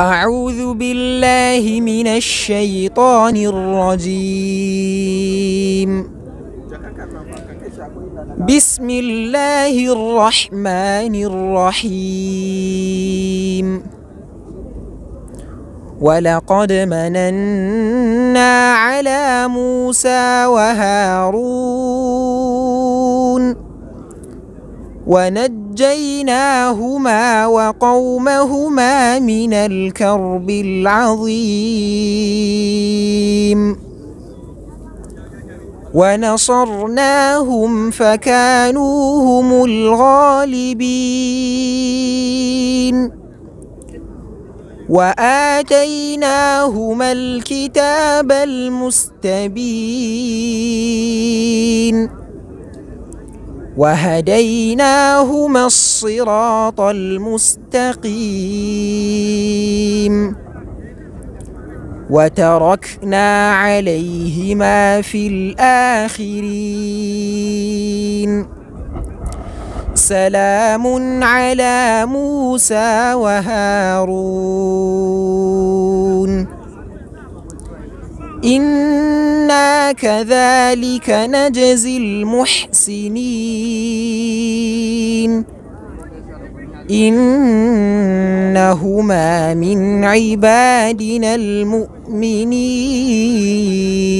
أعوذ بالله من الشيطان الرجيم بسم الله الرحمن الرحيم ولقد مننا على موسى وهارون وند ونجيناهما وقومهما من الكرب العظيم ونصرناهم فكانوا هم الغالبين واتيناهما الكتاب المستبين وهديناهما الصراط المستقيم وتركنا عليهما في الآخرين سلام على موسى وهارون إن إنا كذلك نجزي المحسنين إنهما من عبادنا المؤمنين